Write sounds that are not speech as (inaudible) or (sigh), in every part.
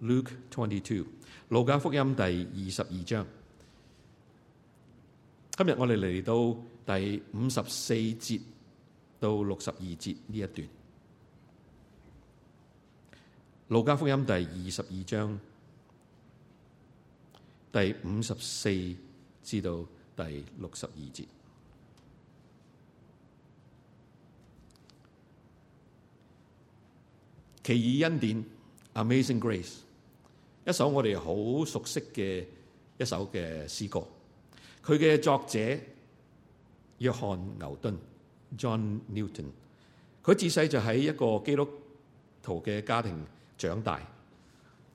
Luke twenty two，路加福音第二十二章。今日我哋嚟到第五十四節到六十二節呢一段。路加福音第二十二章第五十四至到第六十二節，其以恩典。Amazing Grace，一首我哋好熟悉嘅一首嘅詩歌。佢嘅作者約翰牛頓 （John Newton），佢自細就喺一個基督徒嘅家庭長大，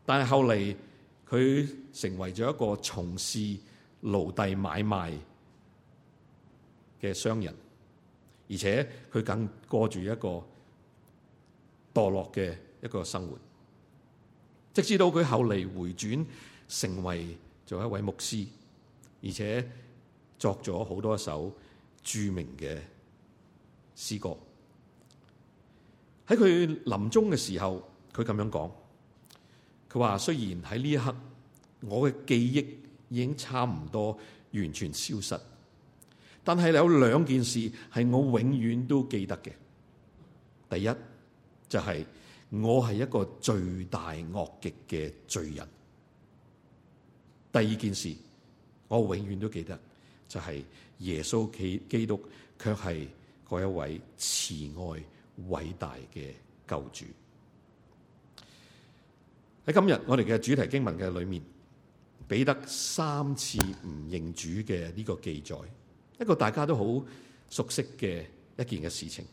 但係後嚟佢成為咗一個從事奴隸買賣嘅商人，而且佢更過住一個墮落嘅一個生活。直到佢後嚟回轉，成為做一位牧師，而且作咗好多一首著名嘅詩歌。喺佢臨終嘅時候，佢咁樣講：佢話，雖然喺呢一刻，我嘅記憶已經差唔多完全消失，但係有兩件事係我永遠都記得嘅。第一就係、是。我係一個罪大惡極嘅罪人。第二件事，我永遠都記得就係、是、耶穌基，基督，卻係嗰一位慈愛偉大嘅救主。喺今日我哋嘅主題經文嘅裏面，彼得三次唔認主嘅呢個記載，一個大家都好熟悉嘅一件嘅事情，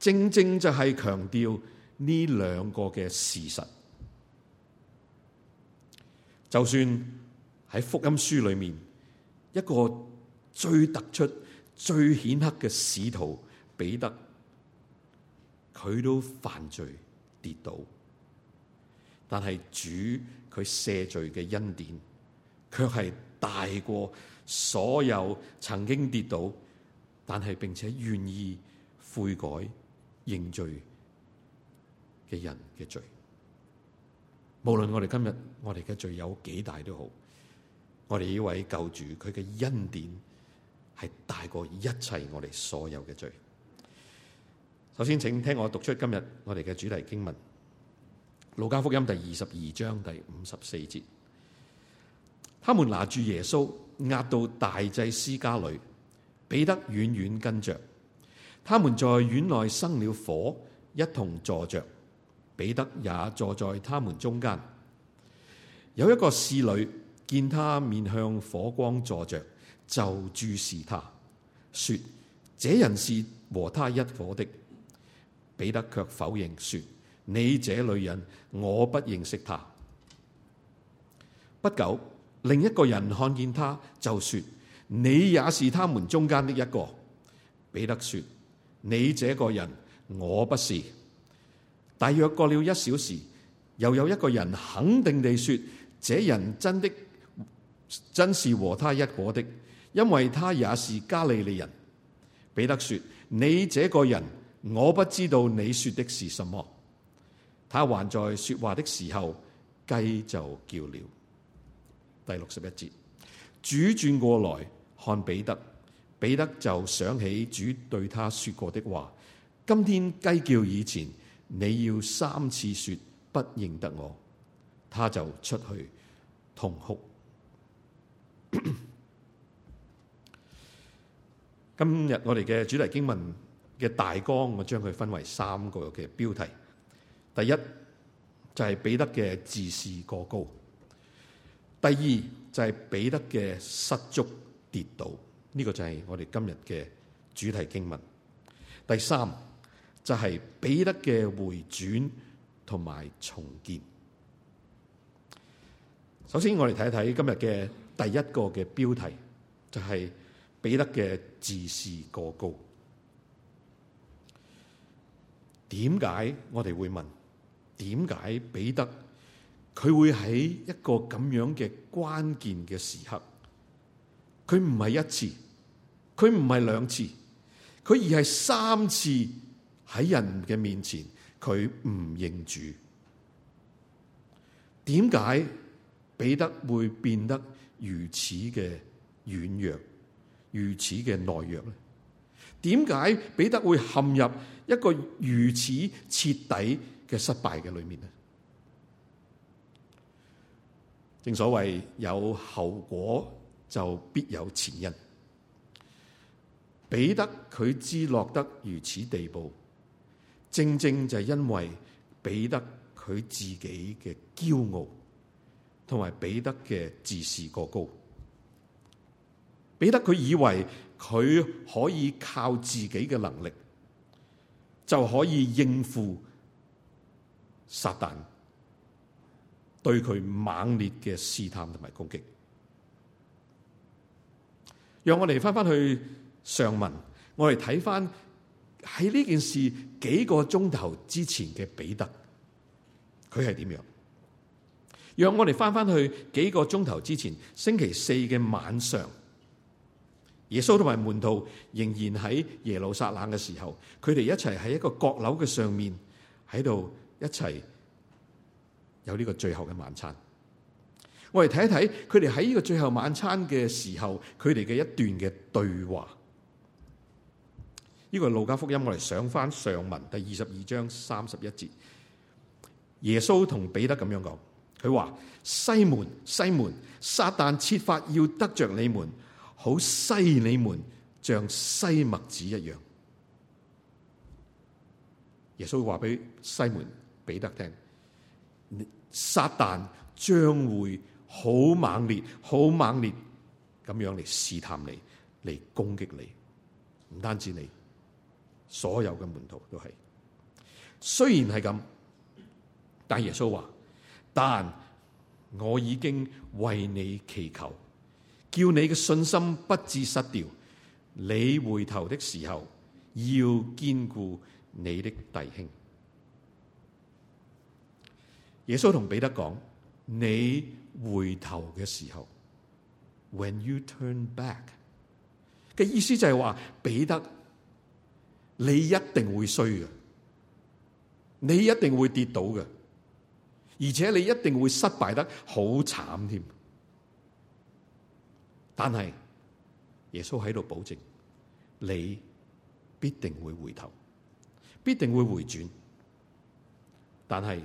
正正就係強調。呢兩個嘅事實，就算喺福音書裏面，一個最突出、最顯赫嘅使徒彼得，佢都犯罪跌倒，但係主佢赦罪嘅恩典，卻係大過所有曾經跌倒，但係並且願意悔改認罪。嘅人嘅罪，無論我哋今日我哋嘅罪有幾大都好，我哋呢位救主佢嘅恩典係大過一切我哋所有嘅罪。首先，請聽我讀出今日我哋嘅主題經文《路加福音》第二十二章第五十四節。他們拿住耶穌，押到大祭司家裏，彼得遠遠跟着。他們在院內生了火，一同坐着。彼得也坐在他們中間。有一個侍女見他面向火光坐着，就注視他說：這人是和他一伙的。彼得卻否認說：你這女人，我不認識他。不久，另一個人看見他，就說：你也是他們中間的一個。彼得說：你這個人，我不是。大約過了一小時，又有一個人肯定地說：這人真的真是和他一伙的，因為他也是加利利人。彼得說：你這個人，我不知道你說的是什麼。他還在說話的時候，雞就叫了。第六十一節，主轉過來看彼得，彼得就想起主對他說過的話：今天雞叫以前。你要三次說不認得我，他就出去痛哭。 (coughs) 今日我哋嘅主題經文嘅大綱，我將佢分為三個嘅標題。第一就係、是、彼得嘅自視過高，第二就係、是、彼得嘅失足跌倒，呢、這個就係我哋今日嘅主題經文。第三。就係、是、彼得嘅回轉同埋重建。首先，我哋睇睇今日嘅第一個嘅標題，就係彼得嘅自視過高。點解我哋會問？點解彼得佢會喺一個咁樣嘅關鍵嘅時刻，佢唔係一次，佢唔係兩次，佢而係三次。喺人嘅面前，佢唔認主。點解彼得會變得如此嘅軟弱、如此嘅懦弱咧？點解彼得會陷入一個如此徹底嘅失敗嘅裏面咧？正所謂有後果就必有前因。彼得佢知落得如此地步。正正就係因為彼得佢自己嘅驕傲，同埋彼得嘅自視過高，彼得佢以為佢可以靠自己嘅能力就可以應付撒旦對佢猛烈嘅試探同埋攻擊。讓我哋翻翻去上文，我哋睇翻。喺呢件事幾個鐘頭之前嘅彼得，佢係點樣？讓我哋翻翻去幾個鐘頭之前，星期四嘅晚上，耶穌同埋門徒仍然喺耶路撒冷嘅時候，佢哋一齊喺一個閣樓嘅上面，喺度一齊有呢個最後嘅晚餐。我哋睇一睇佢哋喺呢個最後晚餐嘅時候，佢哋嘅一段嘅對話。呢、這個係路加福音，我哋上翻上文第二十二章三十一節，耶穌同彼得咁樣講，佢話：西門，西門，撒旦設法要得着你們，好西你們，像西麥子一樣。耶穌會話俾西門彼得聽，撒旦將會好猛烈、好猛烈咁樣嚟試探你，嚟攻擊你，唔單止你。所有嘅門徒都係，雖然係咁，但耶穌話：但我已經為你祈求，叫你嘅信心不致失掉。你回頭的時候，要堅固你的弟兄。耶穌同彼得講：你回頭嘅時候，When you turn back 嘅意思就係話，彼得。你一定會衰嘅，你一定會跌倒嘅，而且你一定會失敗得好慘添。但係耶穌喺度保證，你必定會回頭，必定會回轉。但係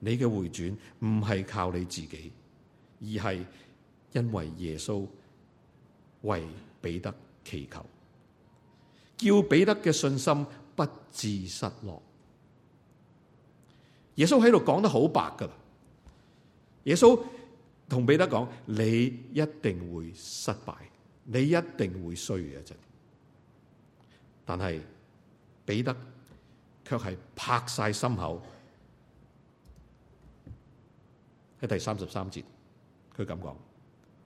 你嘅回轉唔係靠你自己，而係因為耶穌為彼得祈求。要彼得嘅信心不致失落，耶穌喺度講得好白噶喇。耶穌同彼得講：你一定會失敗，你一定會衰嘅。啫，但係彼得卻係拍晒心口，喺第三十三節，佢咁講：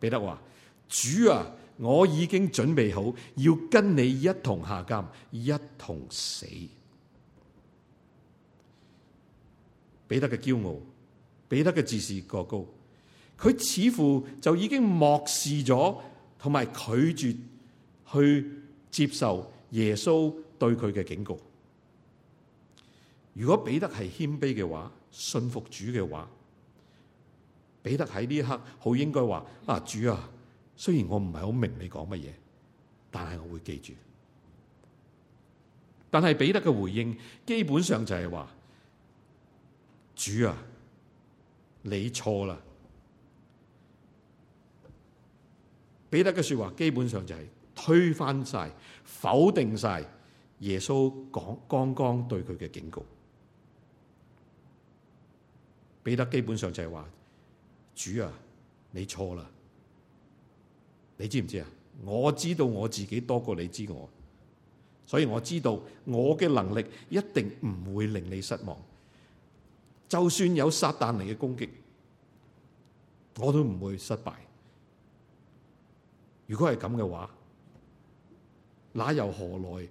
彼得話，主啊！我已經準備好要跟你一同下監，一同死。彼得嘅驕傲，彼得嘅自視過高，佢似乎就已經漠視咗，同埋拒絕去接受耶穌對佢嘅警告。如果彼得係謙卑嘅話，信服主嘅話，彼得喺呢一刻好應該話：啊，主啊！雖然我唔係好明你講乜嘢，但係我會記住。但係彼得嘅回應基本上就係話：主啊，你錯啦！彼得嘅說話基本上就係推翻晒、否定晒耶穌講剛剛對佢嘅警告。彼得基本上就係話：主啊，你錯啦！你知唔知啊？我知道我自己多過你知我，所以我知道我嘅能力一定唔會令你失望。就算有撒旦嚟嘅攻擊，我都唔會失敗。如果係咁嘅話，那又何來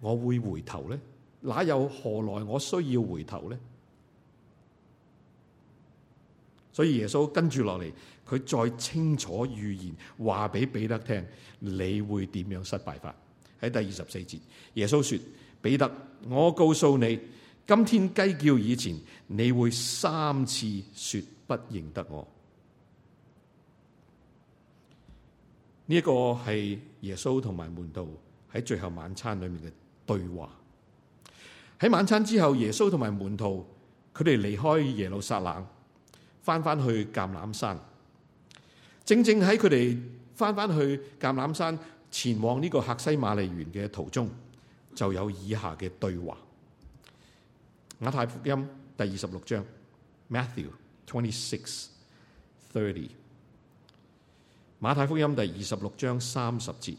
我會回頭呢？那又何來我需要回頭呢？所以耶穌跟住落嚟。佢再清楚預言話俾彼得聽，你會點樣失敗法？喺第二十四節，耶穌說：彼得，我告訴你，今天雞叫以前，你會三次說不認得我。呢一個係耶穌同埋門徒喺最後晚餐裏面嘅對話。喺晚餐之後，耶穌同埋門徒佢哋離開耶路撒冷，翻翻去橄欖山。正正喺佢哋翻翻去橄欖山前往呢個客西馬尼園嘅途中，就有以下嘅對話。馬太福音第二十六章，Matthew twenty six thirty，馬太福音第二十六章三十節，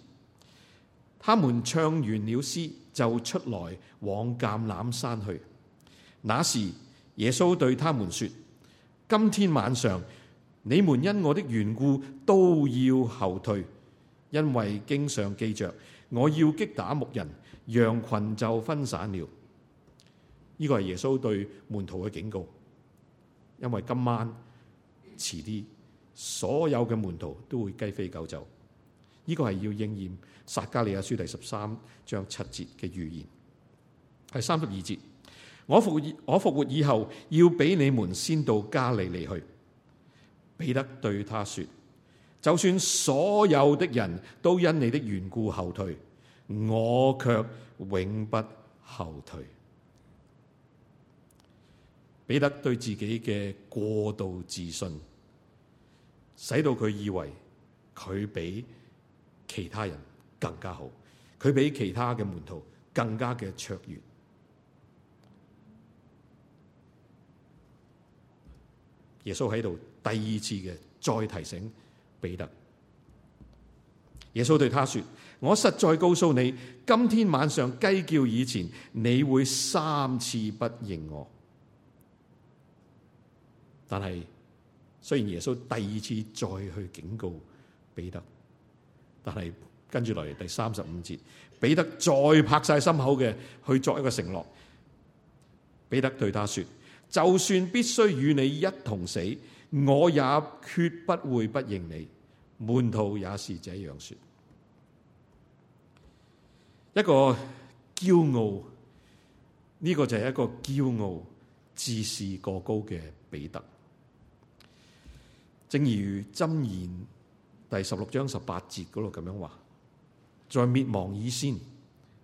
他們唱完了詩，就出來往橄欖山去。那時耶穌對他們說：今天晚上。你們因我的緣故都要後退，因為經常記着我要擊打牧人，羊群就分散了。呢個係耶穌對門徒嘅警告，因為今晚遲啲，所有嘅門徒都會雞飛狗走。呢個係要應驗撒加利亞書第十三章七節嘅預言，係三十二節，我復我復活以後，要俾你們先到加利利去。彼得對他說：就算所有的人都因你的緣故後退，我卻永不後退。彼得對自己嘅過度自信，使到佢以為佢比其他人更加好，佢比其他嘅門徒更加嘅卓越。耶穌喺度第二次嘅再提醒彼得。耶穌對他說：我實在告訴你，今天晚上雞叫以前，你會三次不認我。但係，雖然耶穌第二次再去警告彼得，但係跟住落嚟第三十五節，彼得再拍晒心口嘅去作一個承諾。彼得對他說。就算必須與你一同死，我也決不會不認你。門徒也是這樣說。一個驕傲，呢、這個就係一個驕傲、自視過高嘅彼得。正如箴言第十六章十八節嗰度咁樣話：在滅亡以先，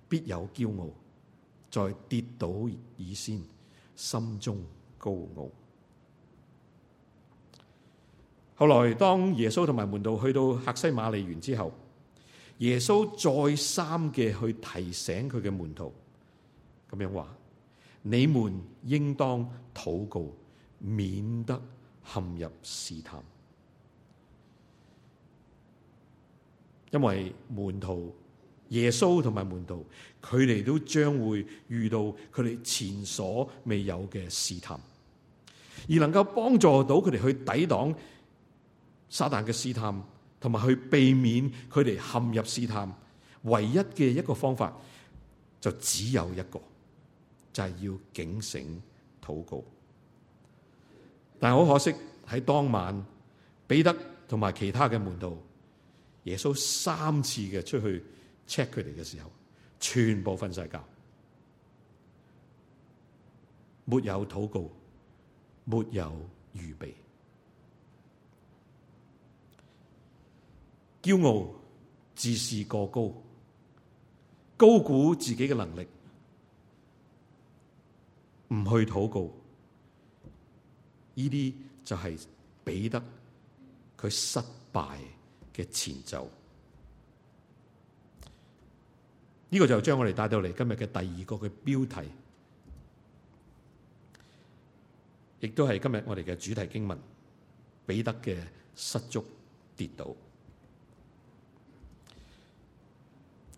必有驕傲；在跌倒以先，心中。高傲。後來當耶穌同埋門徒去到客西馬尼園之後，耶穌再三嘅去提醒佢嘅門徒，咁樣話：你們應當禱告，免得陷入試探。因為門徒。耶穌同埋門徒，佢哋都將會遇到佢哋前所未有嘅試探，而能夠幫助到佢哋去抵擋撒旦嘅試探，同埋去避免佢哋陷入試探，唯一嘅一個方法就只有一個，就係要警醒禱告。但係好可惜喺當晚，彼得同埋其他嘅門徒，耶穌三次嘅出去。Check 佢哋嘅時候，全部瞓晒覺，沒有禱告，沒有預備，驕傲、自視過高、高估自己嘅能力，唔去禱告，呢啲就係彼得佢失敗嘅前奏。呢、這個就將我哋帶到嚟今日嘅第二個嘅標題，亦都係今日我哋嘅主題經文，彼得嘅失足跌倒。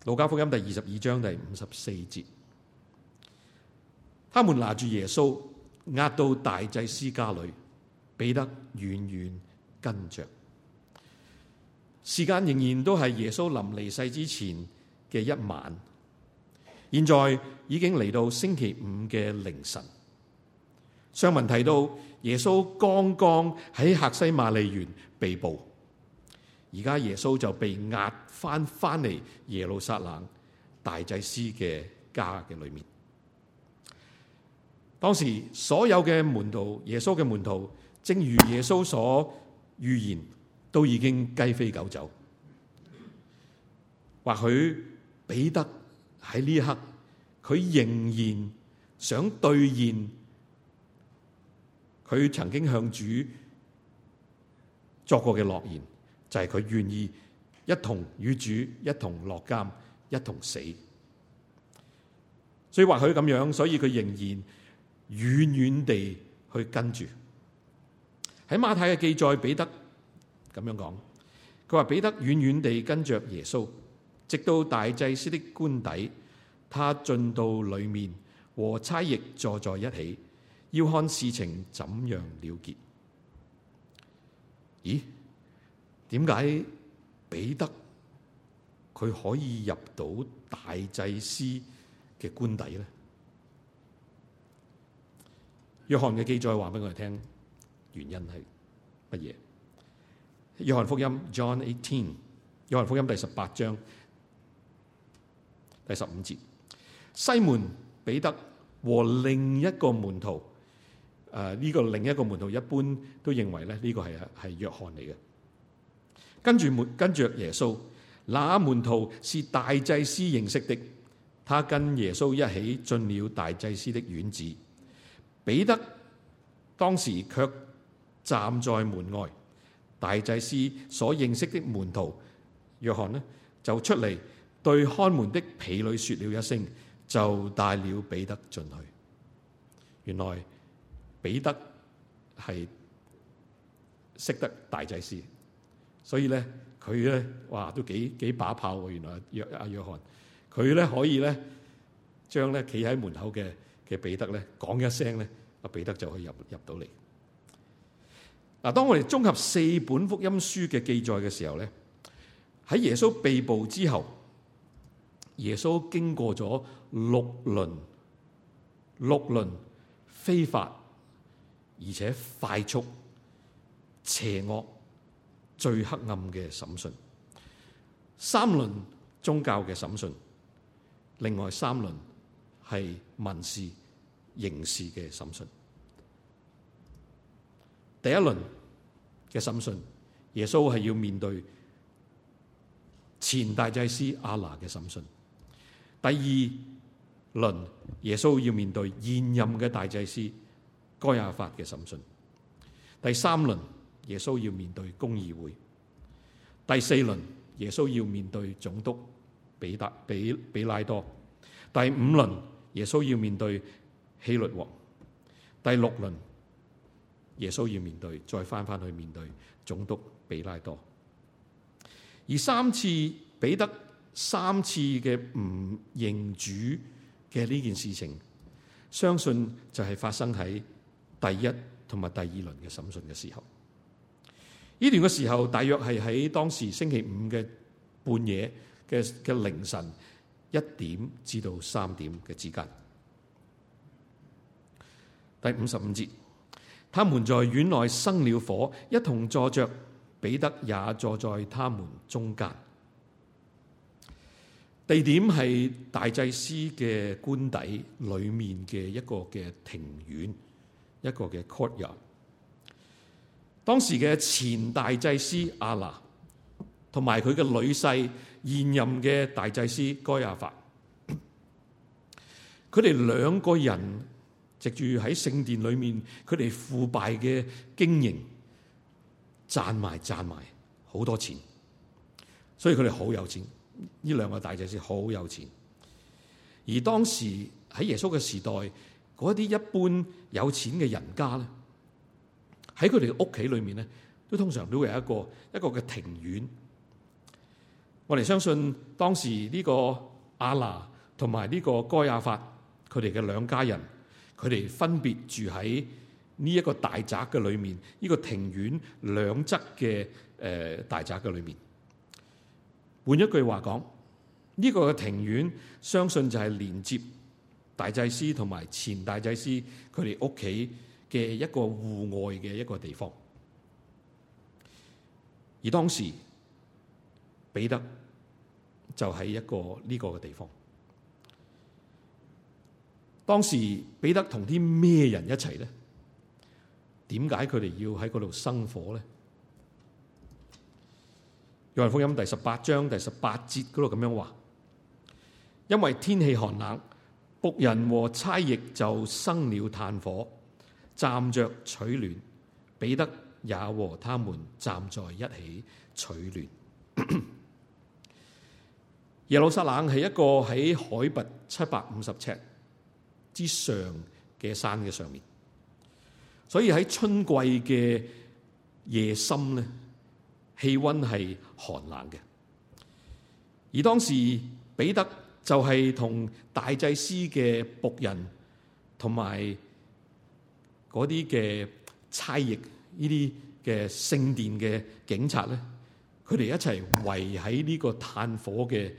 路加福音第二十二章第五十四節，他們拿住耶穌押到大祭司家裏，彼得遠遠跟着。時間仍然都係耶穌臨離世之前，嘅一晚，現在已經嚟到星期五嘅凌晨。上文提到耶穌剛剛喺客西馬利園被捕，而家耶穌就被押翻翻嚟耶路撒冷大祭司嘅家嘅裏面。當時所有嘅門徒，耶穌嘅門徒，正如耶穌所預言，都已經雞飛狗走，或許。彼得喺呢一刻，佢仍然想兌現佢曾經向主作過嘅諾言，就係佢願意一同與主一同落監，一同死。所以或許咁樣，所以佢仍然遠遠地去跟住。喺馬太嘅記載，彼得咁樣講，佢話彼得遠遠地跟着耶穌。直到大祭司的官邸，他進到裏面和差役坐在一起，要看事情怎樣了結。咦？點解彼得佢可以入到大祭司嘅官邸呢？約翰嘅記載話俾我哋聽，原因係乜嘢？約翰福音 John eighteen，約翰福音第十八章。第十五節，西門彼得和另一個門徒，誒、呃、呢、這個另一個門徒一般都認為咧呢、這個係係約翰嚟嘅。跟住門跟住耶穌，那門徒是大祭司認識的，他跟耶穌一起進了大祭司的院子。彼得當時卻站在門外，大祭司所認識的門徒約翰呢就出嚟。對看門的婢女說了一聲，就帶了彼得進去。原來彼得係識得大祭司，所以咧佢咧哇，都幾幾把炮。原來約阿約翰佢咧可以咧將咧企喺門口嘅嘅彼得咧講一聲咧，阿彼得就可以入入到嚟。嗱，當我哋綜合四本福音書嘅記載嘅時候咧，喺耶穌被捕之後。耶穌經過咗六輪，六輪非法而且快速、邪惡、最黑暗嘅審訊，三輪宗教嘅審訊，另外三輪係民事、刑事嘅審訊。第一輪嘅審訊，耶穌係要面對前大祭司亞那嘅審訊。第二輪，耶穌要面對現任嘅大祭司該亞法嘅審訊；第三輪，耶穌要面對公議會；第四輪，耶穌要面對總督彼得彼彼拉多；第五輪，耶穌要面對希律王；第六輪，耶穌要面對再返返去面對總督彼拉多。而三次彼得。三次嘅唔認主嘅呢件事情，相信就係發生喺第一同埋第二輪嘅審訊嘅時候。呢段嘅時候，大約係喺當時星期五嘅半夜嘅嘅凌晨一點至到三點嘅之間。第五十五節，他們在院內生了火，一同坐着，彼得也坐在他們中間。地點係大祭司嘅官邸裏面嘅一個嘅庭院，一個嘅 courtyard。當時嘅前大祭司亞拿同埋佢嘅女婿現任嘅大祭司該亞法，佢哋兩個人藉住喺聖殿裏面，佢哋腐敗嘅經營，賺埋賺埋好多錢，所以佢哋好有錢。呢兩個大祭司好有錢，而當時喺耶穌嘅時代，嗰啲一般有錢嘅人家咧，喺佢哋屋企裏面咧，都通常都會有一個一個嘅庭院。我哋相信當時呢個亞拿同埋呢個該亞法，佢哋嘅兩家人，佢哋分別住喺呢一個大宅嘅裏面，呢、這個庭院兩側嘅誒、呃、大宅嘅裏面。換一句話講，呢個嘅庭院相信就係連接大祭司同埋前大祭司佢哋屋企嘅一個戶外嘅一個地方。而當時彼得就喺一個呢個嘅地方。當時彼得同啲咩人一齊呢？點解佢哋要喺嗰度生火呢？約翰福音第十八章第十八節嗰度咁樣話：因為天氣寒冷，僕人和差役就生了炭火，站着取暖；彼得也和他們站在一起取暖。咳咳耶路撒冷係一個喺海拔七百五十尺之上嘅山嘅上面，所以喺春季嘅夜深呢。氣温係寒冷嘅，而當時彼得就係同大祭司嘅僕人同埋嗰啲嘅差役，呢啲嘅聖殿嘅警察咧，佢哋一齊圍喺呢個炭火嘅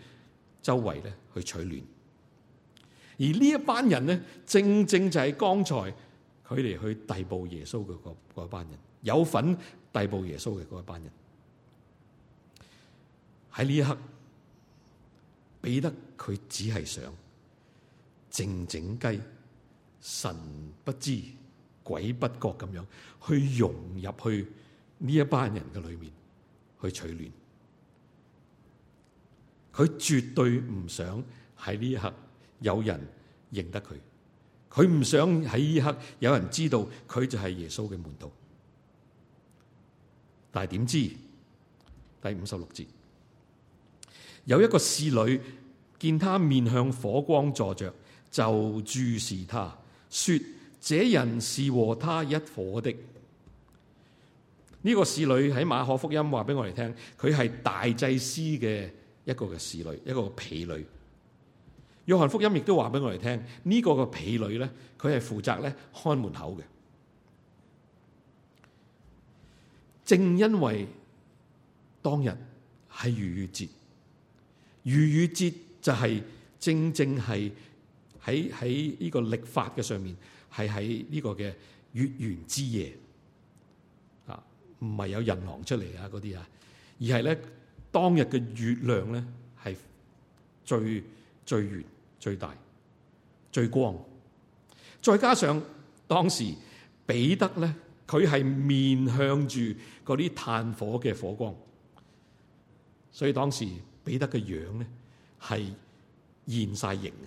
周圍咧去取暖，而呢一班人咧，正正就係剛才佢哋去逮捕耶穌嘅嗰一班人，有份逮捕耶穌嘅嗰一班人。喺呢一刻，彼得佢只係想靜靜雞，神不知鬼不覺咁樣去融入去呢一班人嘅裏面去取暖。佢絕對唔想喺呢一刻有人認得佢，佢唔想喺呢一刻有人知道佢就係耶穌嘅門徒。但係點知第五十六節。有一個侍女見他面向火光坐着，就注視他說：這人是和他一伙的。呢個侍女喺馬可福音話俾我哋聽，佢係大祭司嘅一個嘅侍女，一個婢女。約翰福音亦都話俾我哋聽，呢個嘅婢女咧，佢係負責咧看門口嘅。正因為當日係逾越節。逾越節就係正正係喺喺呢個曆法嘅上面，係喺呢個嘅月圓之夜啊，唔係有人狼出嚟啊嗰啲啊，而係咧當日嘅月亮咧係最最圓、最大、最光，再加上當時彼得咧佢係面向住嗰啲炭火嘅火光，所以當時。彼得嘅樣呢係現晒形嘅，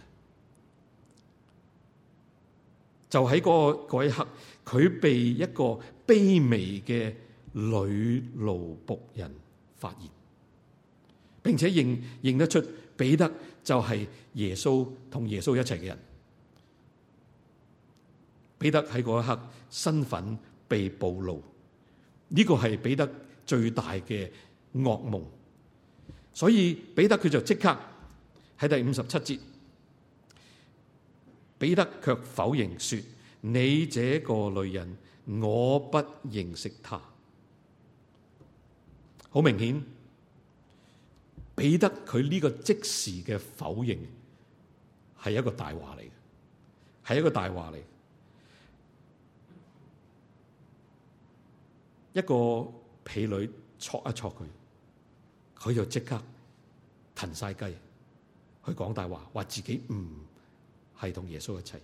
就喺嗰、嗰個，一刻，佢被一個卑微嘅女路僕人發現，並且認認得出彼得就係耶穌同耶穌一齊嘅人。彼得喺嗰一刻身份被暴露，呢、呢個係彼得最大嘅噩夢。所以彼得佢就即刻喺第五十七節，彼得卻否認說：你這個女人，我不認識她。好明顯，彼得佢呢個即時嘅否認係一個大話嚟，係一個大話嚟，一個婢女戳一戳佢。佢就即刻騰晒雞，去講大話，話自己唔係同耶穌一齊。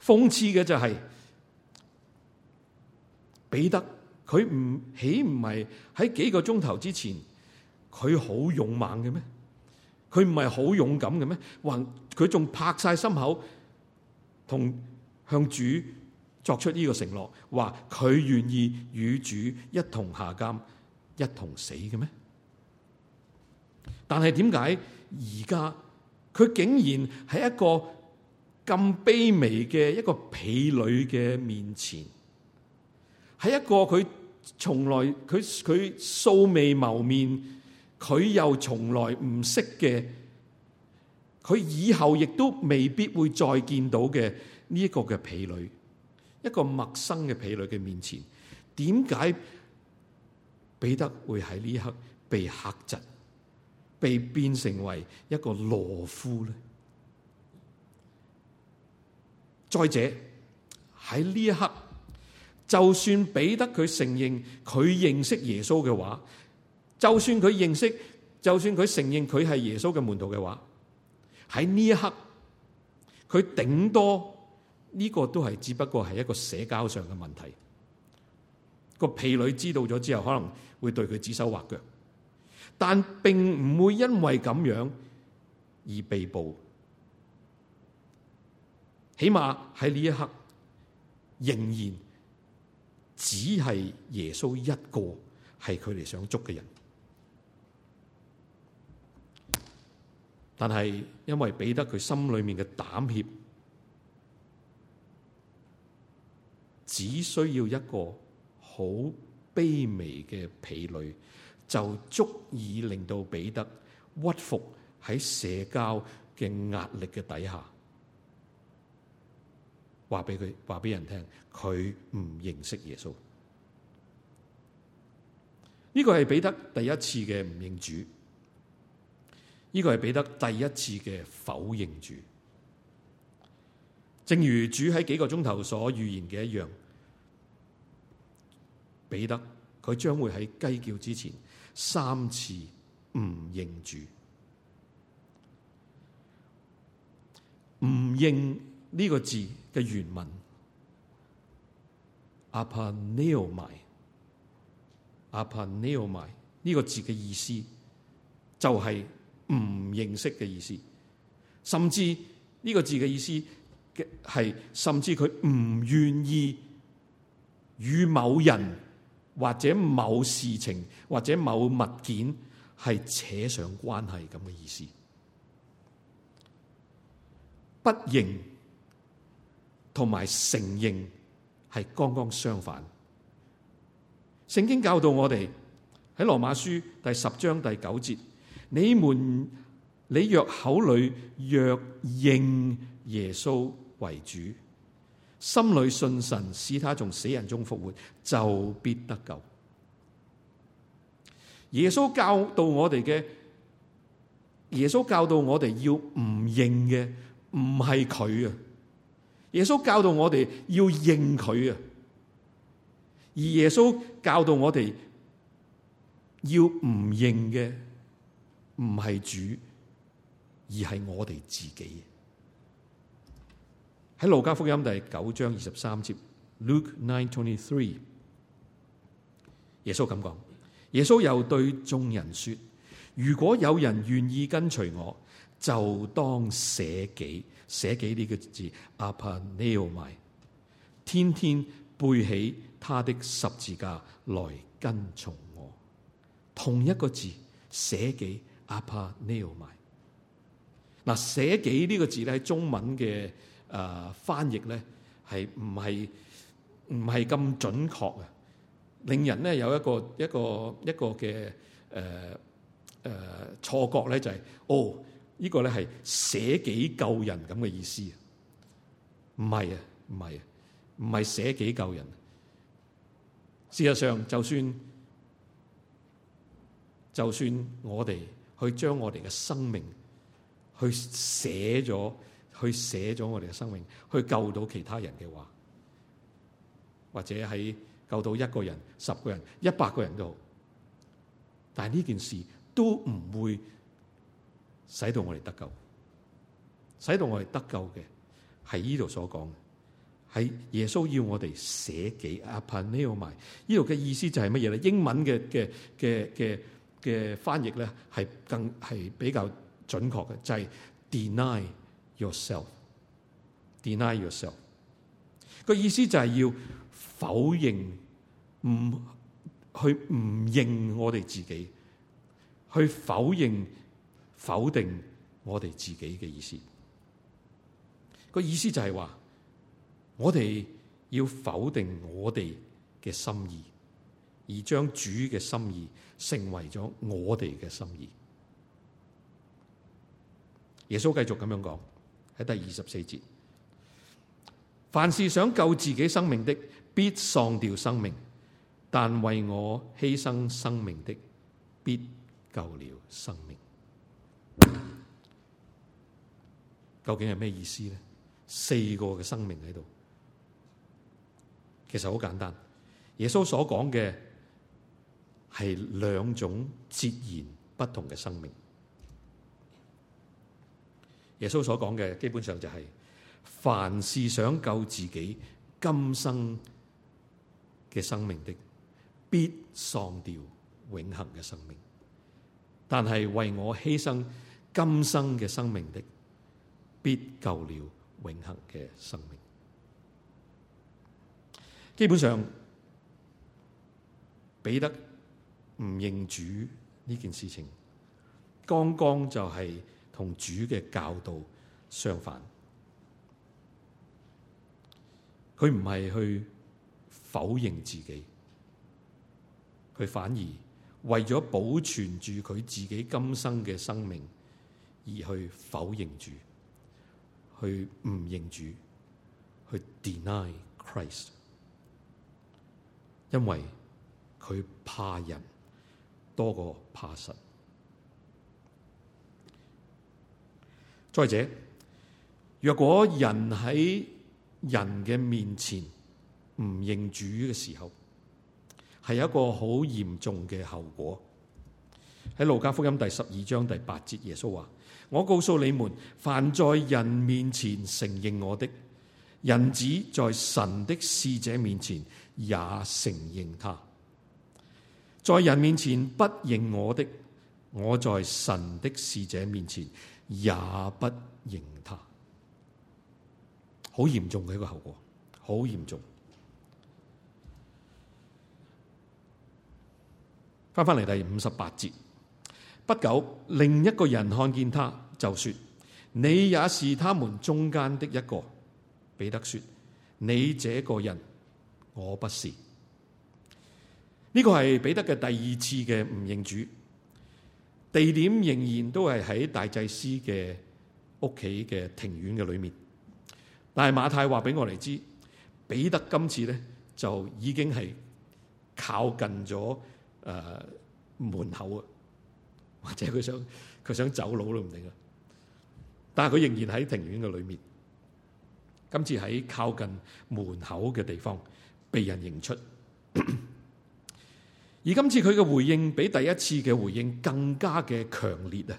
諷刺嘅就係、是、彼得，佢唔豈唔係喺幾個鐘頭之前，佢好勇猛嘅咩？佢唔係好勇敢嘅咩？他還佢仲拍晒心口，同向主作出呢個承諾，話佢願意與主一同下監。一同死嘅咩？但係點解而家佢竟然喺一個咁卑微嘅一個婢女嘅面前，喺一個佢從來佢佢素未謀面，佢又從來唔識嘅，佢以後亦都未必會再見到嘅呢一個嘅婢女，一個陌生嘅婢女嘅面前，點解？彼得會喺呢一刻被嚇窒，被變成為一個懦夫咧。再者，喺呢一刻，就算彼得佢承認佢認識耶穌嘅話，就算佢認識，就算佢承認佢係耶穌嘅門徒嘅話，喺呢一刻，佢頂多呢、這個都係只不過係一個社交上嘅問題。個婢女知道咗之後，可能會對佢指手畫腳，但並唔會因為咁樣而被捕。起碼喺呢一刻，仍然只係耶穌一個係佢哋想捉嘅人，但係因為彼得佢心裏面嘅膽怯，只需要一個。好卑微嘅婢女，就足以令到彼得屈服喺社交嘅壓力嘅底下，話俾佢話俾人聽，佢唔認識耶穌。呢個係彼得第一次嘅唔認主，呢個係彼得第一次嘅否認主。正如主喺幾個鐘頭所預言嘅一樣。彼得佢將會喺雞叫之前三次唔認主，唔認呢個字嘅原文。阿帕尼奧麥，阿帕尼奧麥呢個字嘅意思就係、是、唔認識嘅意思，甚至呢、這個字嘅意思嘅係，甚至佢唔願意與某人。或者某事情或者某物件係扯上關係咁嘅意思，不認同埋承認係剛剛相反。聖經教導我哋喺羅馬書第十章第九節：你們你若口裏若認耶穌為主。心裏信神，使他從死人中復活，就必得救。耶穌教導我哋嘅，耶穌教導我哋要唔認嘅，唔係佢啊。耶穌教導我哋要認佢啊。而耶穌教導我哋要唔認嘅，唔係主，而係我哋自己。喺路加福音第九章二十三節，Luke nine twenty three，耶穌咁講：耶穌又對眾人說，如果有人願意跟隨我，就當捨己，捨己呢個字，aparneomai，天天背起他的十字架來跟從我。同一個字，捨己，aparneomai。嗱，捨己呢個字咧喺中文嘅。誒、啊、翻譯咧係唔係唔係咁準確啊？令人咧有一個一個一個嘅誒誒錯覺咧，就係、是、哦，這個、呢個咧係捨己救人咁嘅意思，唔係啊，唔係啊，唔係捨己救人。事實上，就算就算我哋去將我哋嘅生命去寫咗。去寫咗我哋嘅生命，去救到其他人嘅話，或者喺救到一個人、十個人、一百個人都好，但係呢件事都唔會使到我哋得救。使到我哋得救嘅，喺呢度所講，喺耶穌要我哋寫記阿潘呢度埋，呢度嘅意思就係乜嘢咧？英文嘅嘅嘅嘅嘅翻譯咧，係更係比較準確嘅，就係、是、deny。Yourself deny yourself，個意思就係要否認，唔去唔認我哋自己，去否認否定我哋自己嘅意思。個意思就係話，我哋要否定我哋嘅心意，而將主嘅心意成為咗我哋嘅心意。耶穌繼續咁樣講。喺第二十四節，凡是想救自己生命的，必喪掉生命；但為我犧牲生命的，必救了生命。究竟係咩意思呢？四個嘅生命喺度，其實好簡單。耶穌所講嘅係兩種截然不同嘅生命。耶穌所講嘅基本上就係，凡是想救自己今生嘅生命的，必喪掉永恒嘅生命；但係為我犧牲今生嘅生命的，必救了永恒嘅生命。基本上，彼得唔認主呢件事情，剛剛就係。同主嘅教導相反，佢唔係去否認自己，佢反而為咗保存住佢自己今生嘅生命，而去否認主，去唔認主，去 deny Christ，因為佢怕人多過怕神。再者，若果人喺人嘅面前唔認主嘅時候，係有一個好嚴重嘅後果。喺路加福音第十二章第八節，耶穌話：「我告訴你們，凡在人面前承認我的，人子在神的使者面前也承認他；在人面前不認我的，我在神的使者面前。也不認他，好嚴重嘅一個後果，好嚴重。翻翻嚟第五十八節，不久，另一個人看見他就說，你也是他們中間的一個。彼得說，你這個人，我不是。呢、這個係彼得嘅第二次嘅唔認主。地點仍然都係喺大祭司嘅屋企嘅庭院嘅裏面，但係馬太話俾我嚟知，彼得今次咧就已經係靠近咗誒、呃、門口啊，或者佢想佢想走佬都唔定啊，但係佢仍然喺庭院嘅裏面，今次喺靠近門口嘅地方被人認出。 (coughs) 而今次佢嘅回應比第一次嘅回應更加嘅強烈啊！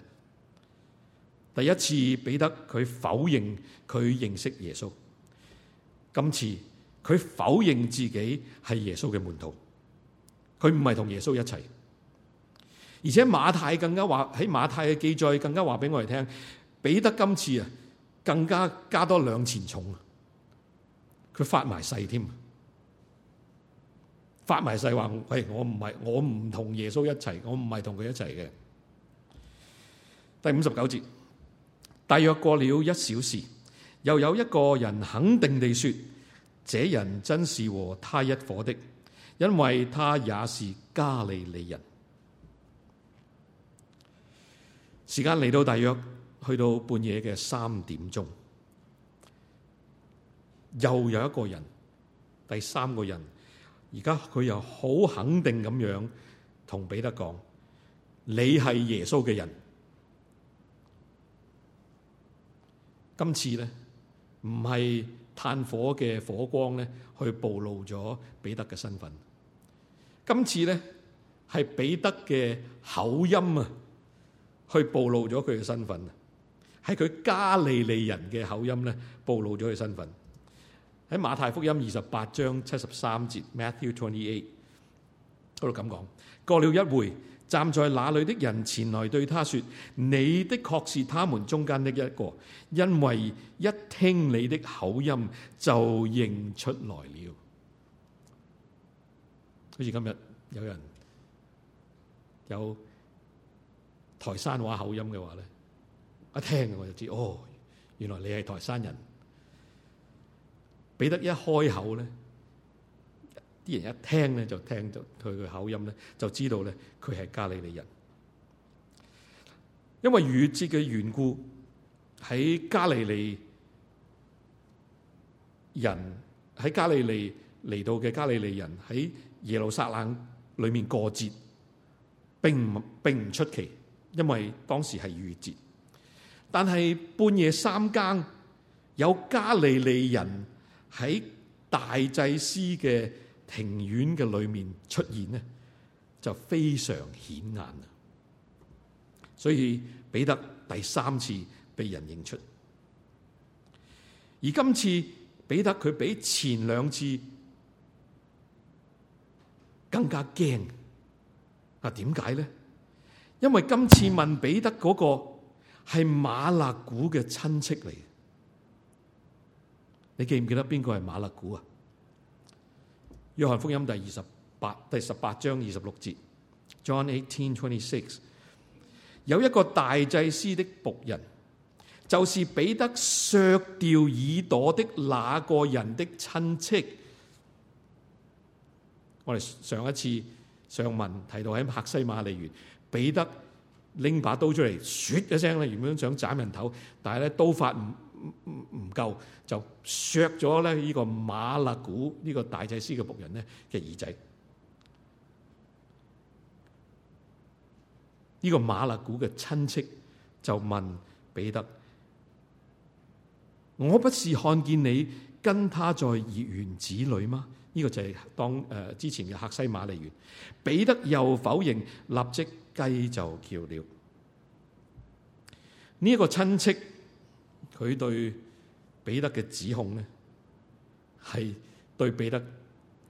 第一次彼得佢否認佢認識耶穌，今次佢否認自己係耶穌嘅門徒，佢唔係同耶穌一齊。而且馬太更加話，喺馬太嘅記載更加話俾我哋聽，彼得今次啊更加加多兩錢重，佢發埋誓添。發埋誓話：喂，我唔係，我唔同耶穌一齊，我唔係同佢一齊嘅。第五十九節，大約過了一小時，又有一個人肯定地說：這人真是和他一伙的，因為他也是加利利人。時間嚟到大約去到半夜嘅三點鐘，又有一個人，第三個人。而家佢又好肯定咁樣同彼得講：你係耶穌嘅人。今次咧唔係炭火嘅火光咧，去暴露咗彼得嘅身份。今次咧係彼得嘅口音啊，去暴露咗佢嘅身份。係佢加利利人嘅口音咧，暴露咗佢身份。喺馬太福音二十八章七十三節，Matthew twenty eight，嗰度咁講：過了一會，站在那裏的人前來對他說：你的確是他們中間的一個，因為一聽你的口音就認出來了。好似今日有人有台山話口音嘅話呢，一聽我就知，哦，原來你係台山人。彼得一開口咧，啲人一聽咧就聽到佢嘅口音咧，就知道咧佢係加利利人。因為逾節嘅緣故，喺加利利人喺加利利嚟到嘅加利利人喺耶路撒冷裏面過節，並唔並唔出奇，因為當時係逾節。但係半夜三更有加利利人。喺大祭司嘅庭院嘅裏面出現呢，就非常顯眼啦。所以彼得第三次被人認出，而今次彼得佢比前兩次更加驚。啊，點解咧？因為今次問彼得嗰個係馬勒古嘅親戚嚟。你記唔記得邊個係馬勒古啊？約翰福音第二十八，第十八章二十六節，John eighteen twenty six，有一個大祭司的僕人，就是彼得削掉耳朵的那個人的親戚。我哋上一次上文提到喺客西馬尼園，彼得拎把刀出嚟，唰一聲，原本想斬人頭，但係刀法唔。唔唔唔夠，就削咗咧！呢個馬勒古呢、這個大祭司嘅僕人咧嘅耳仔。呢、這個馬勒古嘅親戚就問彼得：我不是看見你跟他在園子裏嗎？呢、這個就係當誒、呃、之前嘅客西馬尼園。彼得又否認，立即雞就叫了。呢、這、一個親戚。佢對彼得嘅指控咧，係對彼得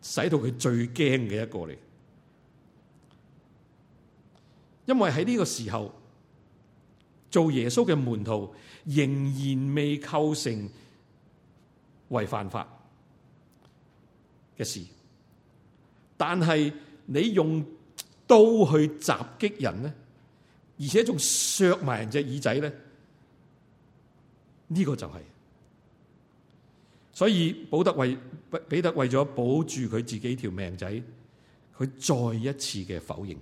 使到佢最驚嘅一個嚟，因為喺呢個時候，做耶穌嘅門徒仍然未構成違犯法嘅事，但係你用刀去襲擊人咧，而且仲削埋人隻耳仔咧。.呢、這個就係、是，所以彼得為彼得為咗保住佢自己條命仔，佢再一次嘅否認。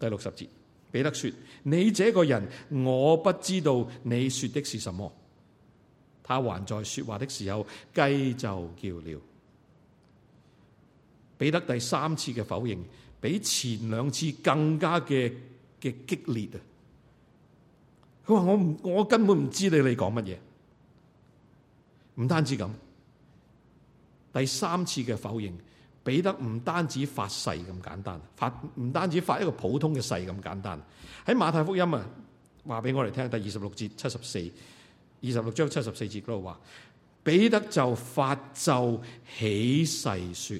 第六十節，彼得說：你這個人，我不知道你說的是什麼。他還在說話的時候，雞就叫了。彼得第三次嘅否認，比前兩次更加嘅嘅激烈。佢話我唔，我根本唔知你你講乜嘢。唔單止咁，第三次嘅否認，彼得唔單止發誓咁簡單，發唔單止發一個普通嘅誓咁簡單。喺馬太福音啊，話俾我哋聽，第二十六節七十四，二十六章七十四節度話，彼得就發咒起誓說，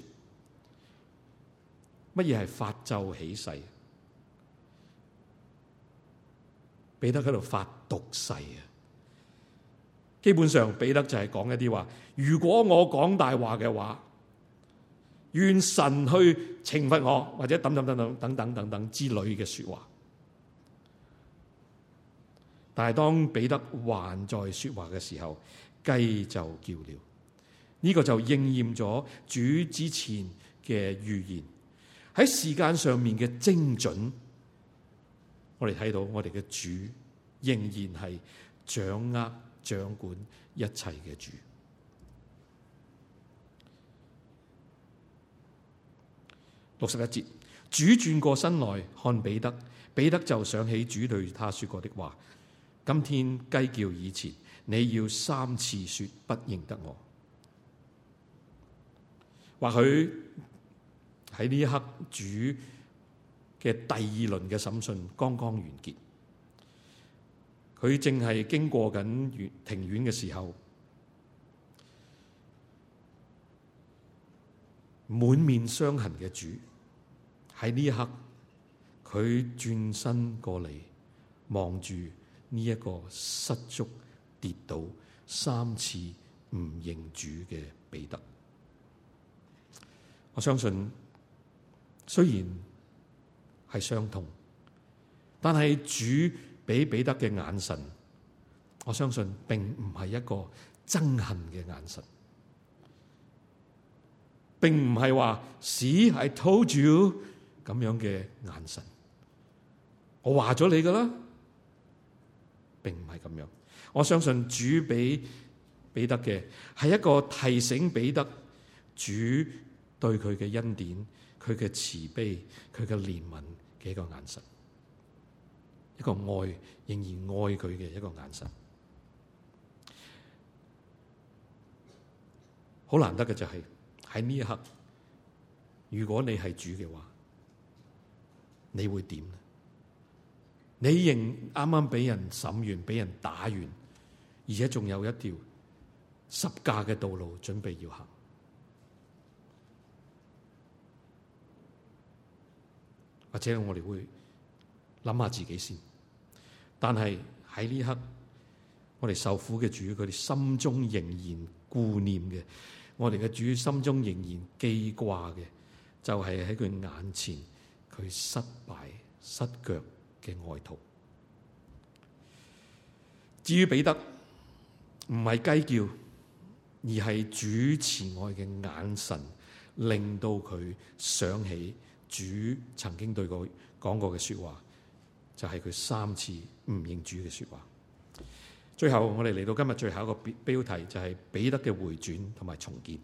乜嘢係發咒起誓？彼得喺度發毒誓啊！基本上，彼得就係講一啲話：如果我講大話嘅話，願神去懲罰我，或者等等等等等等等等之類嘅說話。但係當彼得還在說話嘅時候，雞就叫了。呢個就應驗咗主之前嘅預言，喺時間上面嘅精準。我哋睇到我哋嘅主仍然係掌握掌管一切嘅主。六十一節，主轉過身來看彼得，彼得就想起主對他說過的話。今天雞叫以前，你要三次說不認得我。或許喺呢一刻，主。嘅第二輪嘅審訊剛剛完結，佢正係經過緊庭院嘅時候，滿面傷痕嘅主喺呢一刻，佢轉身過嚟，望住呢一個失足跌倒三次唔認主嘅彼得，我相信雖然。係傷痛，但係主俾彼得嘅眼神，我相信並唔係一個憎恨嘅眼神，並唔係話 See I told you 咁樣嘅眼神，我話咗你噶啦，並唔係咁樣。我相信主俾彼得嘅係一個提醒彼得，主對佢嘅恩典、佢嘅慈悲、佢嘅憐憫。一個眼神，一個愛仍然愛佢嘅一個眼神，好難得嘅就係喺呢一刻，如果你係主嘅話，你會點？你仍啱啱俾人審完，俾人打完，而且仲有一條十架嘅道路準備要行。或者我哋會諗下自己先，但係喺呢刻，我哋受苦嘅主，佢哋心中仍然顧念嘅，我哋嘅主心中仍然記掛嘅，就係喺佢眼前，佢失敗失腳嘅愛徒。至於彼得，唔係雞叫，而係主慈愛嘅眼神，令到佢想起。主曾經對佢講過嘅說話，就係、是、佢三次唔認主嘅說話。最後我哋嚟到今日最後一個標題，就係、是、彼得嘅回轉同埋重建。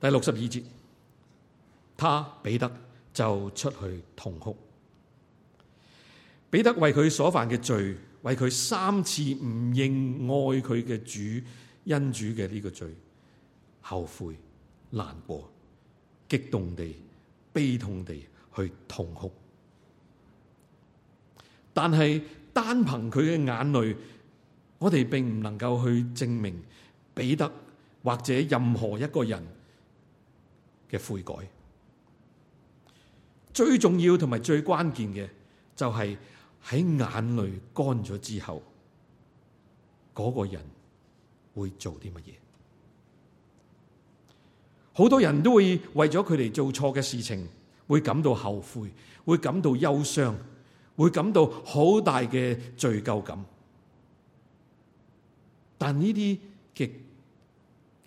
第六十二節，他彼得就出去痛哭。彼得為佢所犯嘅罪，為佢三次唔認愛佢嘅主因主嘅呢個罪後悔。難過、激動地、悲痛地去痛哭，但係單憑佢嘅眼淚，我哋並唔能夠去證明彼得或者任何一個人嘅悔改。最重要同埋最關鍵嘅、就係，就係喺眼淚乾咗之後，嗰、嗰個人會做啲乜嘢？好多人都會為咗佢哋做錯嘅事情，會感到後悔，會感到憂傷，會感到好大嘅罪疚感。但呢啲嘅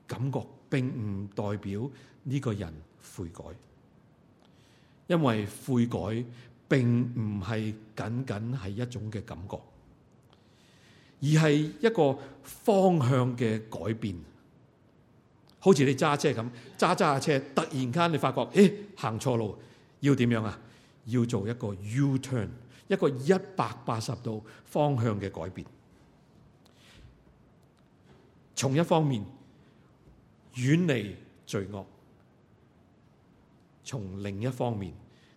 感覺，並唔代表呢個人悔改，因為悔改並唔係僅僅係一種嘅感覺，而係一個方向嘅改變。好似你揸車咁，揸揸下車，突然間你發覺，誒、欸，行錯路，要點樣啊？要做一個 U turn，一個一百八十度方向嘅改變。從一方面遠離罪惡，從另一方面，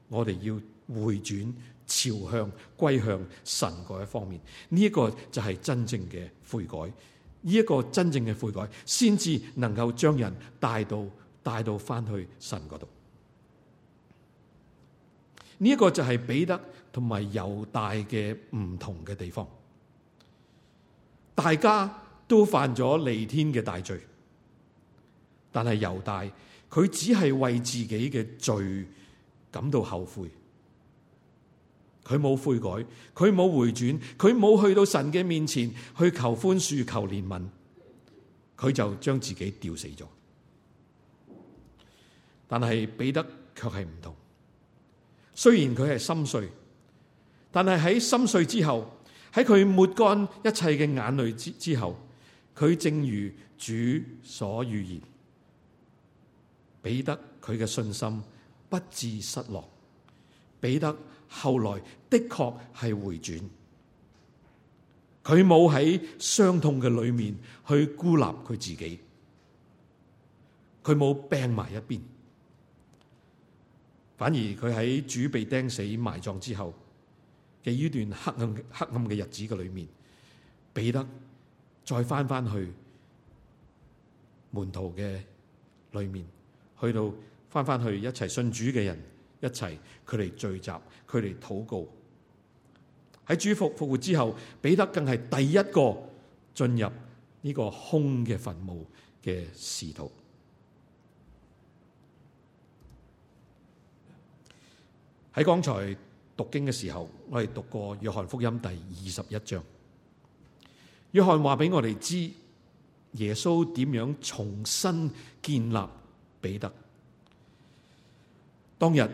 我哋要回轉朝向歸向神嗰一方面，呢、這、一個就係真正嘅悔改。呢一個真正嘅悔改，先至能夠將人帶到帶到翻去神嗰度。呢一個就係彼得同埋猶大嘅唔同嘅地方。大家都犯咗彌天嘅大罪，但係猶大佢只係為自己嘅罪感到後悔。佢冇悔改，佢冇回轉，佢冇去到神嘅面前去求寬恕、求憐憫，佢就將自己吊死咗。但係彼得卻係唔同，雖然佢係心碎，但係喺心碎之後，喺佢抹乾一切嘅眼淚之之後，佢正如主所預言，彼得佢嘅信心不致失落。彼得。後來的確係回轉，佢冇喺傷痛嘅裏面去孤立佢自己，佢冇病埋一邊，反而佢喺主被釘死埋葬之後嘅呢段黑暗黑暗嘅日子嘅裏面，彼得再返返去門徒嘅裏面，去到返返去一齊信主嘅人。一齊，佢哋聚集，佢哋禱告。喺主復復活之後，彼得更係第一個進入呢個空嘅墳墓嘅使徒。喺剛才讀經嘅時候，我哋讀過約翰福音第二十一章。約翰話俾我哋知，耶穌點樣重新建立彼得。當日。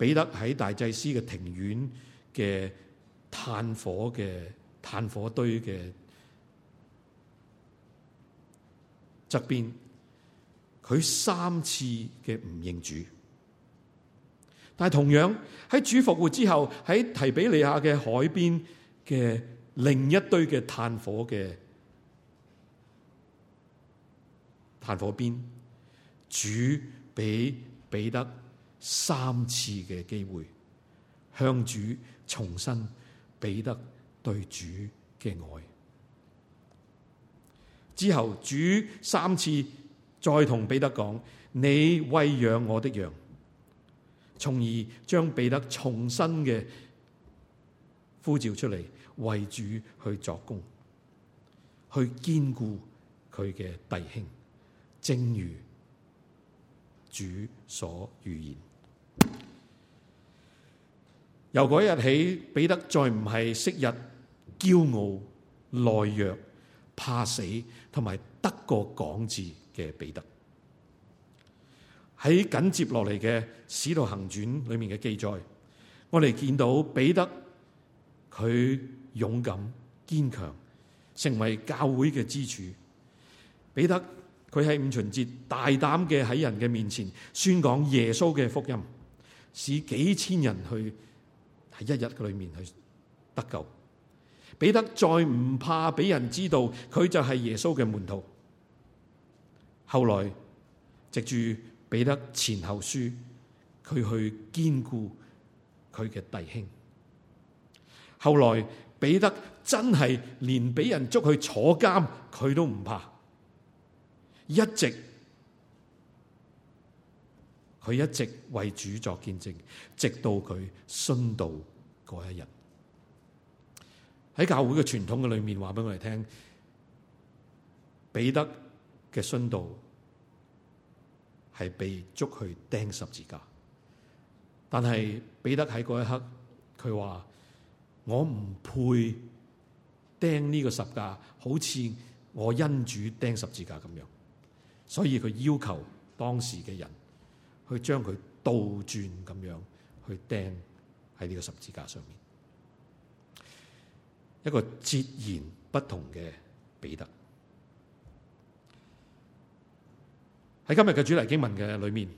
彼得喺大祭司嘅庭院嘅炭火嘅炭火堆嘅側邊，佢三次嘅唔認主。但係同樣喺主復活之後，喺提比利亞嘅海邊嘅另一堆嘅炭火嘅炭火邊，主俾彼得三次嘅機會，向主重申彼得對主嘅愛，之後主三次再同彼得講：你喂養我的羊，從而將彼得重新嘅呼召出嚟，為主去作工，去堅固佢嘅弟兄，正如主所預言。由嗰日起，彼得再唔係昔日驕傲、懦弱、怕死，同埋得個講字嘅彼得。喺緊接落嚟嘅《使徒行傳》裏面嘅記載，我哋見到彼得佢勇敢堅強，成為教會嘅支柱。彼得佢喺五旬節大膽嘅喺人嘅面前宣講耶穌嘅福音，使幾千人去。一日嘅裏面去得救，彼得再唔怕俾人知道佢就係耶穌嘅門徒。後來藉住彼得前後書，佢去堅固佢嘅弟兄。後來彼得真係連俾人捉去坐監，佢都唔怕。一直，佢一直為主作見證，直到佢殉道。一日喺教會嘅傳統嘅裏面我，話俾我哋聽，彼得嘅殉道係被捉去釘十字架，但係彼得喺嗰一刻，佢話我唔配釘呢個十字架，好似我因主釘十字架咁樣，所以佢要求當時嘅人去將佢倒轉咁樣去釘。喺呢個十字架上面，一個截然不同嘅彼得。喺今日嘅主題經文嘅裏面，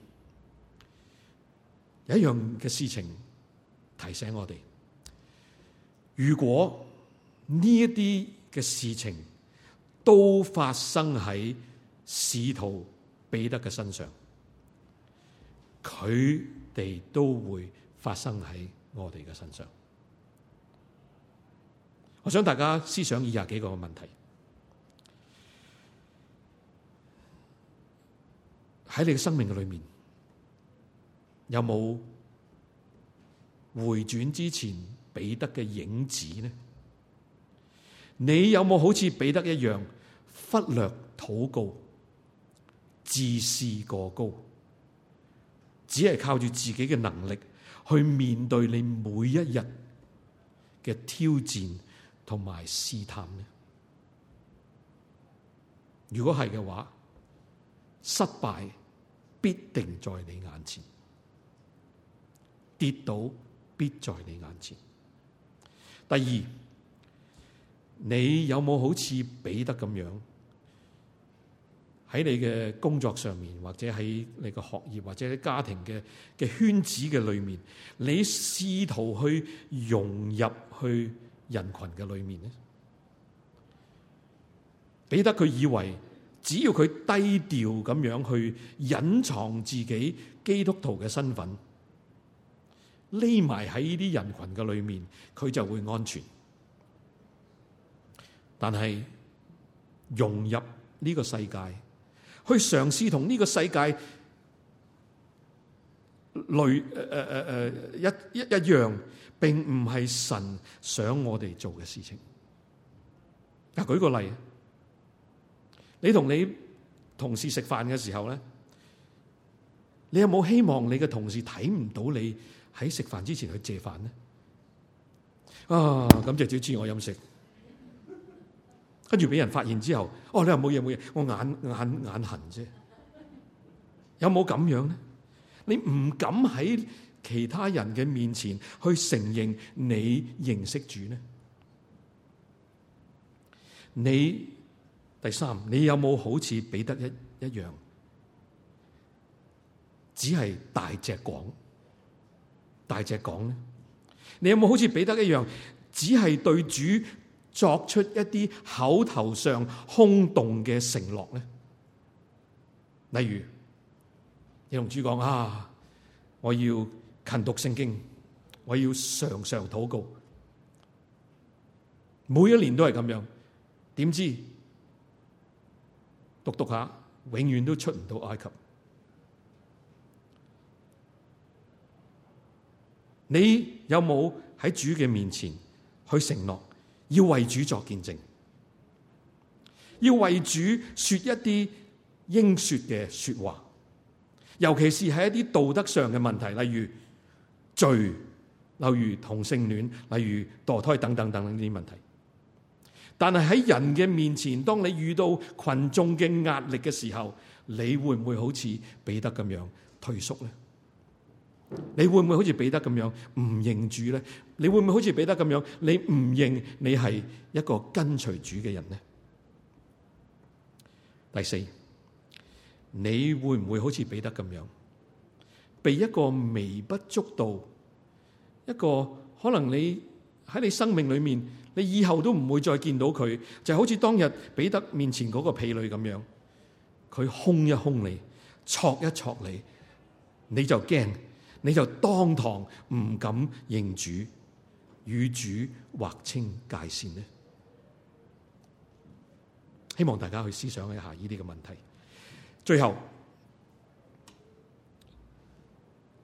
有一樣嘅事情提醒我哋，如果呢一啲嘅事情都發生喺使徒彼得嘅身上，佢哋都會發生喺。我哋嘅身上，我想大家思想以下幾個問題：喺你嘅生命裏面，有冇回轉之前彼得嘅影子呢？你有冇好似彼得一樣忽略禱告、自視過高，只係靠住自己嘅能力？去面對你每一日嘅挑戰同埋試探呢？如果係嘅話，失敗必定在你眼前，跌倒必在你眼前。第二，你有冇好似彼得咁樣？.喺你嘅工作上面，或者喺你嘅學業，或者喺家庭嘅嘅圈子嘅裏面，你試圖去融入去人群嘅裏面咧，彼得佢以為只要佢低調咁樣去隱藏自己基督徒嘅身份，匿埋喺呢啲人群嘅裏面，佢就會安全。但係融入呢個世界。去嘗試同呢個世界類、呃呃呃、一,一,一樣，並唔係神想我哋做嘅事情。嗱、啊，舉個例，你同你同事食飯嘅時候呢，你有冇希望你嘅同事睇唔到你喺食飯之前去借飯呢？啊，咁就叫自我飲食。跟住俾人發現之後，哦，你話冇嘢冇嘢，我眼眼眼痕啫。有冇咁樣呢？你唔敢喺其他人嘅面前去承認你認識主呢？你第三，你有冇好似彼得一一樣，只係大隻講，大隻講呢？你有冇好似彼得一樣，只係對主？作出一啲口頭上空洞嘅承諾咧，例如你同主講啊，我要勤讀聖經，我要常常禱告，每一年都係咁樣，點知讀讀下永遠都出唔到埃及。你有冇喺主嘅面前去承諾？要為主作見證，要為主說一啲應說嘅說話，尤其是喺一啲道德上嘅問題，例如罪，例如同性戀，例如墮胎等等等等呢啲問題。但係喺人嘅面前，當你遇到群眾嘅壓力嘅時候，你會唔會好似彼得咁樣退縮呢？你會唔會好似彼得咁樣唔認主咧？你會唔會好似彼得咁樣，你唔認你係一個跟隨主嘅人呢？第四，你會唔會好似彼得咁樣，被一個微不足道，一個可能你喺你生命裏面，你以後都唔會再見到佢，就是、好似當日彼得面前嗰個婢女咁樣，佢凶一凶你，戳一戳你，你就驚。你就當堂唔敢認主，與主劃清界線呢？希望大家去思想一下呢啲嘅問題。最後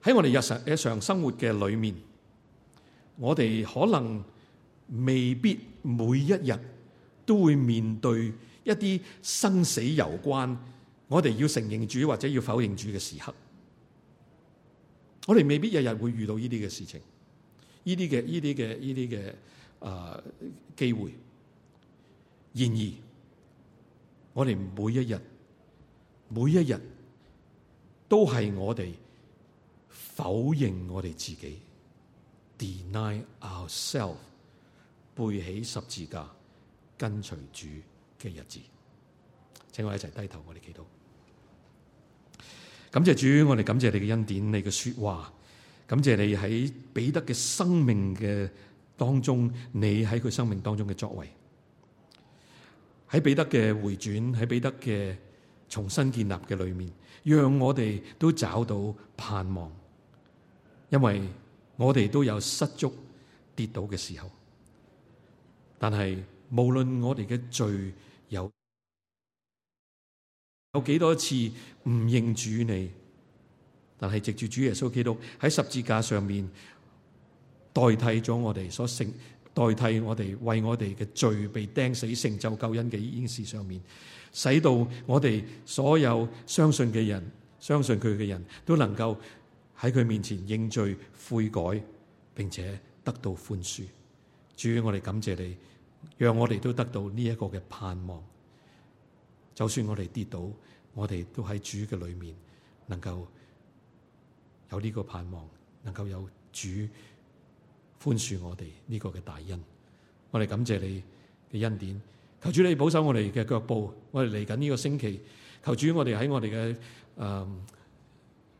喺我哋日常日常生活嘅裏面，我哋可能未必每一日都會面對一啲生死攸關，我哋要承認主或者要否認主嘅時刻。我哋未必日日會遇到呢啲嘅事情，呢啲嘅呢啲嘅呢啲嘅誒機會，然而，我哋每一日、每一日都係我哋否認我哋自己，deny ourself，背起十字架，跟隨主嘅日子。請我一齊低頭我哋祈禱。感謝主，我哋感謝你嘅恩典，你嘅說話，感謝你喺彼得嘅生命嘅當中，你喺佢生命當中嘅作為，喺彼得嘅回轉，喺彼得嘅重新建立嘅裏面，讓我哋都找到盼望，因為我哋都有失足跌倒嘅時候，但係無論我哋嘅罪有。有幾多次唔認主你，但係藉住主耶穌基督喺十字架上面代替咗我哋所成代替我哋為我哋嘅罪被釘死，成就救恩嘅呢件事上面，使到我哋所有相信嘅人，相信佢嘅人都能夠喺佢面前認罪悔改，並且得到寬恕。主，我哋感謝你，讓我哋都得到呢一個嘅盼望。就算我哋跌倒，我哋都喺主嘅裏面，能夠有呢個盼望，能夠有主寬恕我哋呢個嘅大恩。我哋感謝你嘅恩典，求主你保守我哋嘅腳步。我哋嚟緊呢個星期，求主我哋喺我哋嘅誒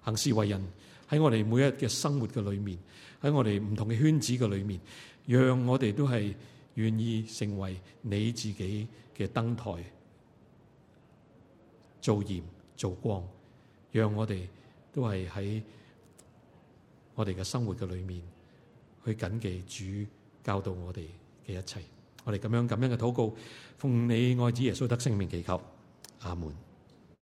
行事為人，喺我哋每日嘅生活嘅裏面，喺我哋唔同嘅圈子嘅裏面，讓我哋都係願意成為你自己嘅燈台。做鹽做光，讓我哋都係喺我哋嘅生活嘅裏面去謹記主教導我哋嘅一切。我哋咁樣咁樣嘅禱告，奉你愛子耶穌得勝名祈求，阿門。